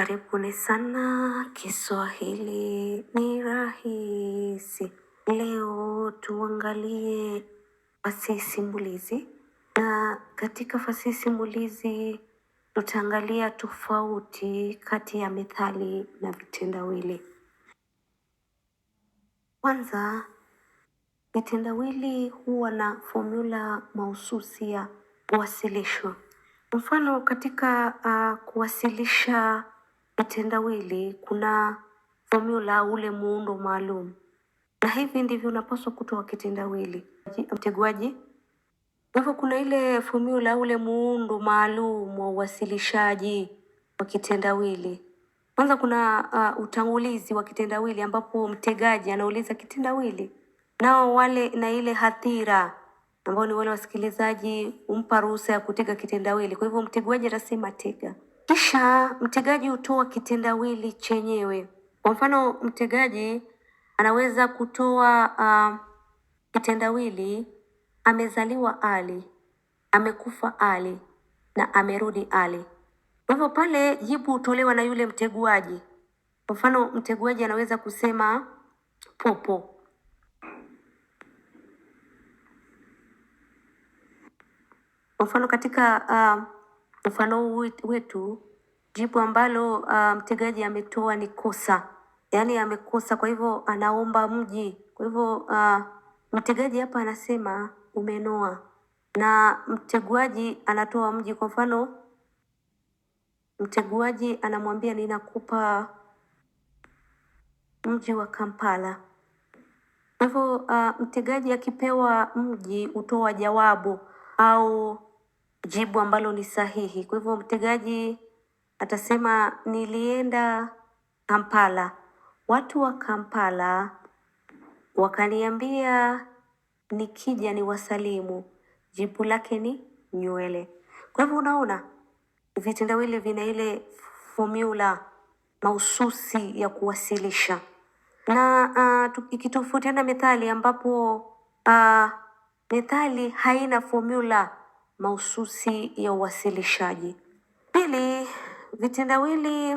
Karibuni sana, Kiswahili ni rahisi. Leo tuangalie fasihi simulizi, na katika fasihi simulizi tutaangalia tofauti kati ya methali na vitendawili. Kwanza, vitendawili huwa na fomula mahususi ya kuwasilishwa. Mfano, katika uh, kuwasilisha Kitendawili kuna formula ule muundo maalum, na hivi ndivyo unapaswa kutoa kitendawili mteguaji. Hivyo kuna ile formula ule muundo maalum wa uwasilishaji wa kitendawili. Kwanza kuna uh, utangulizi wa kitendawili ambapo mtegaji anauliza kitendawili, nao wale na ile hadhira ambao ni wale wasikilizaji umpa ruhusa ya kutega kitendawili. Kwa hivyo mteguaji atasema tega. Kisha mtegaji hutoa kitendawili chenyewe. Kwa mfano, mtegaji anaweza kutoa uh, kitendawili amezaliwa Ali, amekufa Ali na amerudi Ali. Kwa hivyo pale jibu hutolewa na yule mteguaji. Kwa mfano, mteguaji anaweza kusema popo. Kwa mfano katika uh, mfano wetu jibu ambalo uh, ah, mtegaji ametoa ni kosa, yaani amekosa, kwa hivyo anaomba mji. Kwa hivyo uh, mtegaji hapa anasema umenoa, na mteguaji anatoa mji. Kwa mfano mteguaji anamwambia ninakupa mji wa Kampala. Kwa hivyo uh, mtegaji akipewa mji hutoa jawabu au jibu ambalo ni sahihi. Kwa hivyo mtegaji atasema nilienda Kampala, watu wa Kampala wakaniambia nikija ni wasalimu, jibu lake ni nywele. Kwa hivyo unaona vitendawili vina ile fomula mahususi ya kuwasilisha na uh, ikitofautiana methali ambapo uh, methali haina fomula mahususi ya uwasilishaji. Pili, vitendawili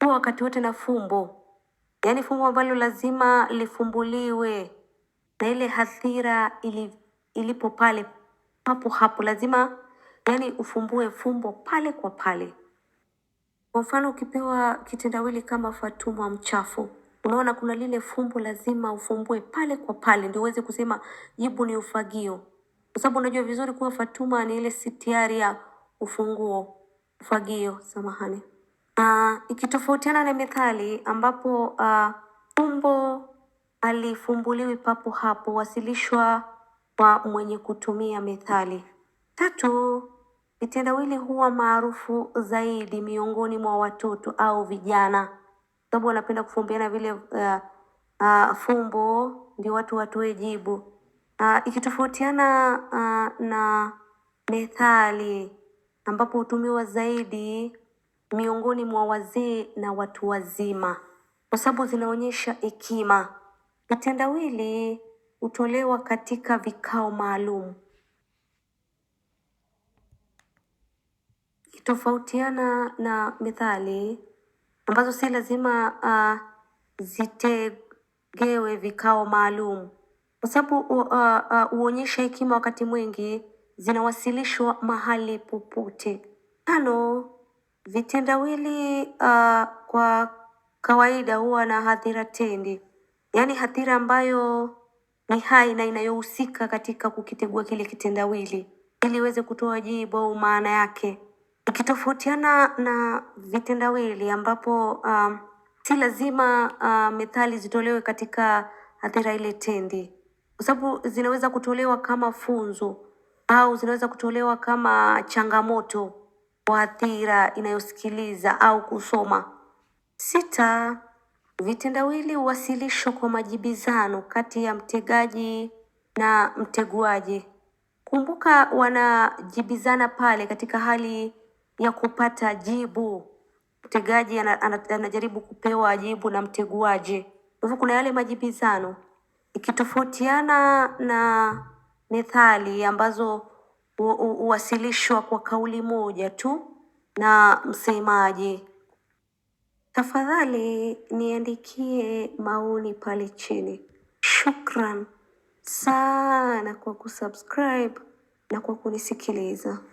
huwa wakati wote na fumbo, yaani fumbo ambalo lazima lifumbuliwe na ile hadhira ili, ilipo pale papo hapo, lazima yaani ufumbue fumbo pale kwa pale. Kwa mfano, ukipewa kitendawili kama Fatuma mchafu, unaona kuna lile fumbo lazima ufumbue pale kwa pale ndio uweze kusema jibu ni ufagio kwa sababu unajua vizuri kuwa Fatuma ni ile sitiari ya ufunguo ufagio, samahani. Uh, ikitofautiana na methali ambapo uh, ah, fumbo alifumbuliwi papo hapo, wasilishwa kwa mwenye kutumia methali. Tatu, vitendawili huwa maarufu zaidi miongoni mwa watoto au vijana, sababu wanapenda kufumbiana vile uh, uh, fumbo ndio watu watoe jibu uh, ikitofautiana uh, na methali ambapo hutumiwa zaidi miongoni mwa wazee na watu wazima, kwa sababu zinaonyesha hekima, Matendawili hutolewa katika vikao maalum, ikitofautiana na methali ambazo si lazima uh, zitegewe vikao maalum kwa sababu uh, uh, hekima wakati mwingi, zinawasilishwa mahali popote. Tano, vitendawili uh, kwa kawaida huwa na hadhira tende, yaani hadhira ambayo ni hai na inayohusika katika kukitegua kile kitendawili ili iweze kutoa jibu au maana yake, ikitofautiana na vitendawili ambapo um, si lazima uh, methali zitolewe katika hadhira ile tende kwa sababu zinaweza kutolewa kama funzo au zinaweza kutolewa kama changamoto kwa athira inayosikiliza au kusoma. Sita, vitendawili huwasilishwa kwa majibizano kati ya mtegaji na mteguaji. Kumbuka, wanajibizana pale katika hali ya kupata jibu. Mtegaji anajaribu kupewa jibu na mteguaji, hivyo kuna yale majibizano ikitofautiana na methali ambazo huwasilishwa kwa kauli moja tu na msemaji. Tafadhali niandikie maoni pale chini. Shukran sana kwa kusubscribe na kwa kunisikiliza.